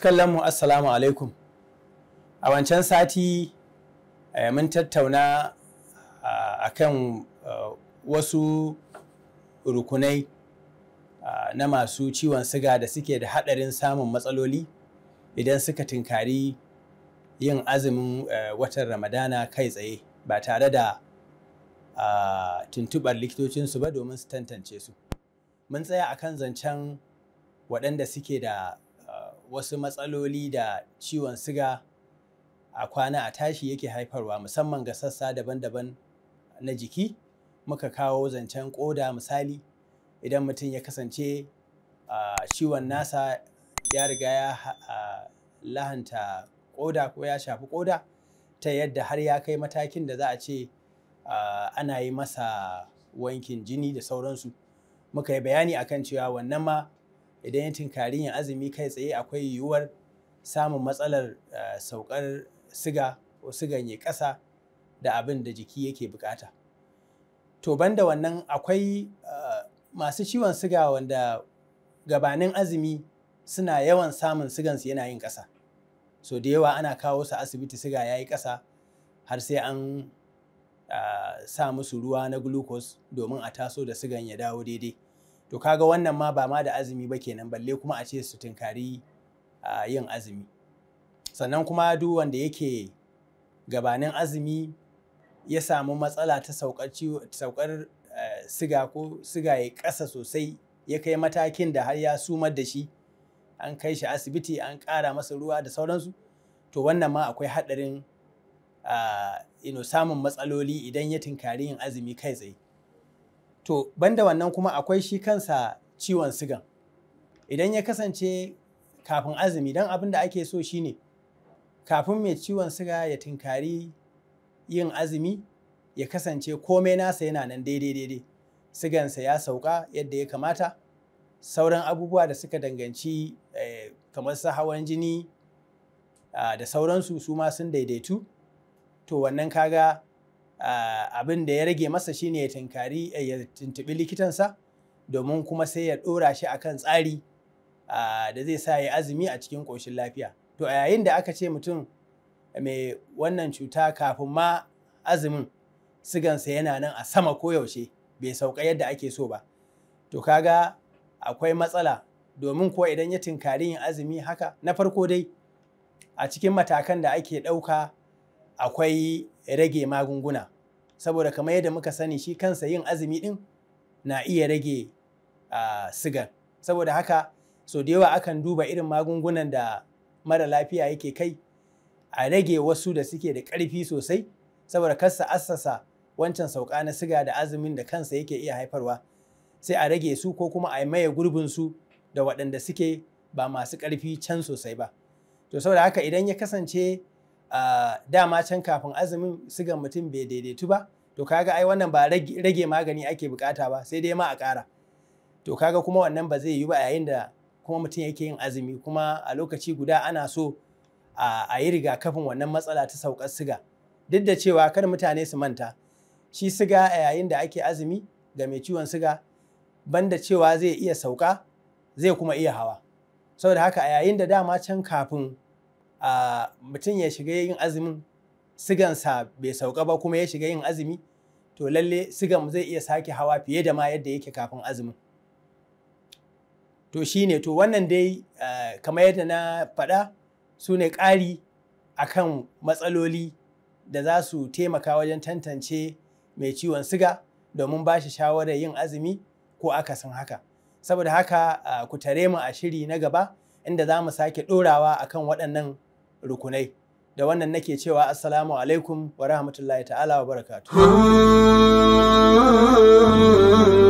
Masu kallon assalamu alaikum. A wancan sati eh, mun tattauna a ah, kan eh, wasu rukunai ah, na masu ciwon siga da suke da haɗarin samun matsaloli idan suka tinkari yin azumin eh, watan Ramadana kai tsaye ba tare da ah, tuntuɓar likitocinsu ba domin su tantance su. Mun tsaya akan zancen waɗanda suke da wasu matsaloli da ciwon siga a kwana a tashi yake haifarwa musamman ga sassa daban-daban na jiki muka kawo zancen ƙoda misali idan mutum ya kasance ciwon nasa ya riga ya lahanta ƙoda ko ya shafi ƙoda ta yadda har ya kai matakin da za a ce ana yi masa wankin jini da sauransu muka yi bayani akan cewa wannan ma idan yin tinkari yin azumi kai tsaye akwai yiwuwar samun matsalar eh, saukar siga ko sigan ya ƙasa da abin da jiki yake bukata. To banda wannan akwai eh, masu ciwon siga wanda gabanin azumi suna yawan samun sigansu yana yin ƙasa. So da yawa ana kawo su asibiti siga ya yi ƙasa har sai an eh, sa musu ruwa na glucose domin a taso da sigan ya dawo daidai. to kaga wannan ma ba ma da azumi ba kenan balle kuma a ce su tunkari yin azumi sannan kuma duk wanda yake gabanin azumi ya samu matsala ta saukar eh, siga ko siga ya ƙasa sosai ya kai matakin da har ya sumar da shi an kai shi asibiti an ƙara masa ruwa da sauransu to wannan ma akwai haɗarin samun matsaloli idan ya tunkari yin azumi kai tsaye to banda wannan kuma akwai shi kansa ciwon sigan idan ya kasance kafin azumi don abin da ake so shi ne, kafin mai ciwon siga ya tinkari yin azumi ya kasance komai nasa yana nan daidai daidai sigansa ya sauka yadda ya kamata sauran abubuwa da suka danganci eh, kamar su hawan jini ah, da sauransu su ma sun daidaitu to wannan kaga Ah, abin da ya rage masa shine ya tinkari eh, ya tuntubi likitansa domin kuma sai ya ɗora shi a kan tsari ah, da zai sa ya azumi a cikin ƙoshin lafiya to a yayin da aka ce mutum mai wannan cuta kafin ma azumin sigansa yana nan a sama koyaushe bai sauka yadda ake so ba to kaga akwai matsala domin ko idan ya tinkari yin azumi haka na farko dai a cikin matakan da ake ɗauka akwai rage magunguna saboda kamar yadda muka sani shi kansa yin azumi din na iya rage sigar saboda haka so da yawa akan duba irin magungunan da mara lafiya yake kai a rage wasu da suke da ƙarfi sosai saboda kasa assasa wancan sauka na siga da azumin da kansa yake iya haifarwa sai a rage su ko kuma a maye gurbin su da waɗanda suke ba masu ƙarfi can sosai ba to saboda haka idan ya kasance dama can kafin azumin sigan mutum bai daidaitu ba to kaga ai wannan ba rage magani ake bukata ba sai dai ma a kara. to kaga kuma wannan ba zai yi ba yayin da kuma mutum yake yin azumi kuma a lokaci guda ana so a yi rigakafin wannan matsala ta saukar siga duk da cewa kar mutane su manta shi siga a yayin da ake azumi ga mai ciwon siga banda cewa zai iya sauka zai kuma iya hawa saboda haka a yayin da dama can kafin mutum ya shiga yin azumin sigansa bai sauka ba kuma ya shiga yin azumi to lalle sigan zai iya sake hawa fiye da ma yadda yake kafin azumin to shine to wannan dai kamar yadda na faɗa su ne ƙari akan matsaloli da za su taimaka wajen tantance mai ciwon siga domin ba shi shawarar yin azumi ko akasin haka saboda haka ku tare mu a shiri na gaba inda za mu sake ɗorawa akan waɗannan rukunai da wannan nake cewa assalamu alaikum wa rahmatullahi ta'ala wa barakatuh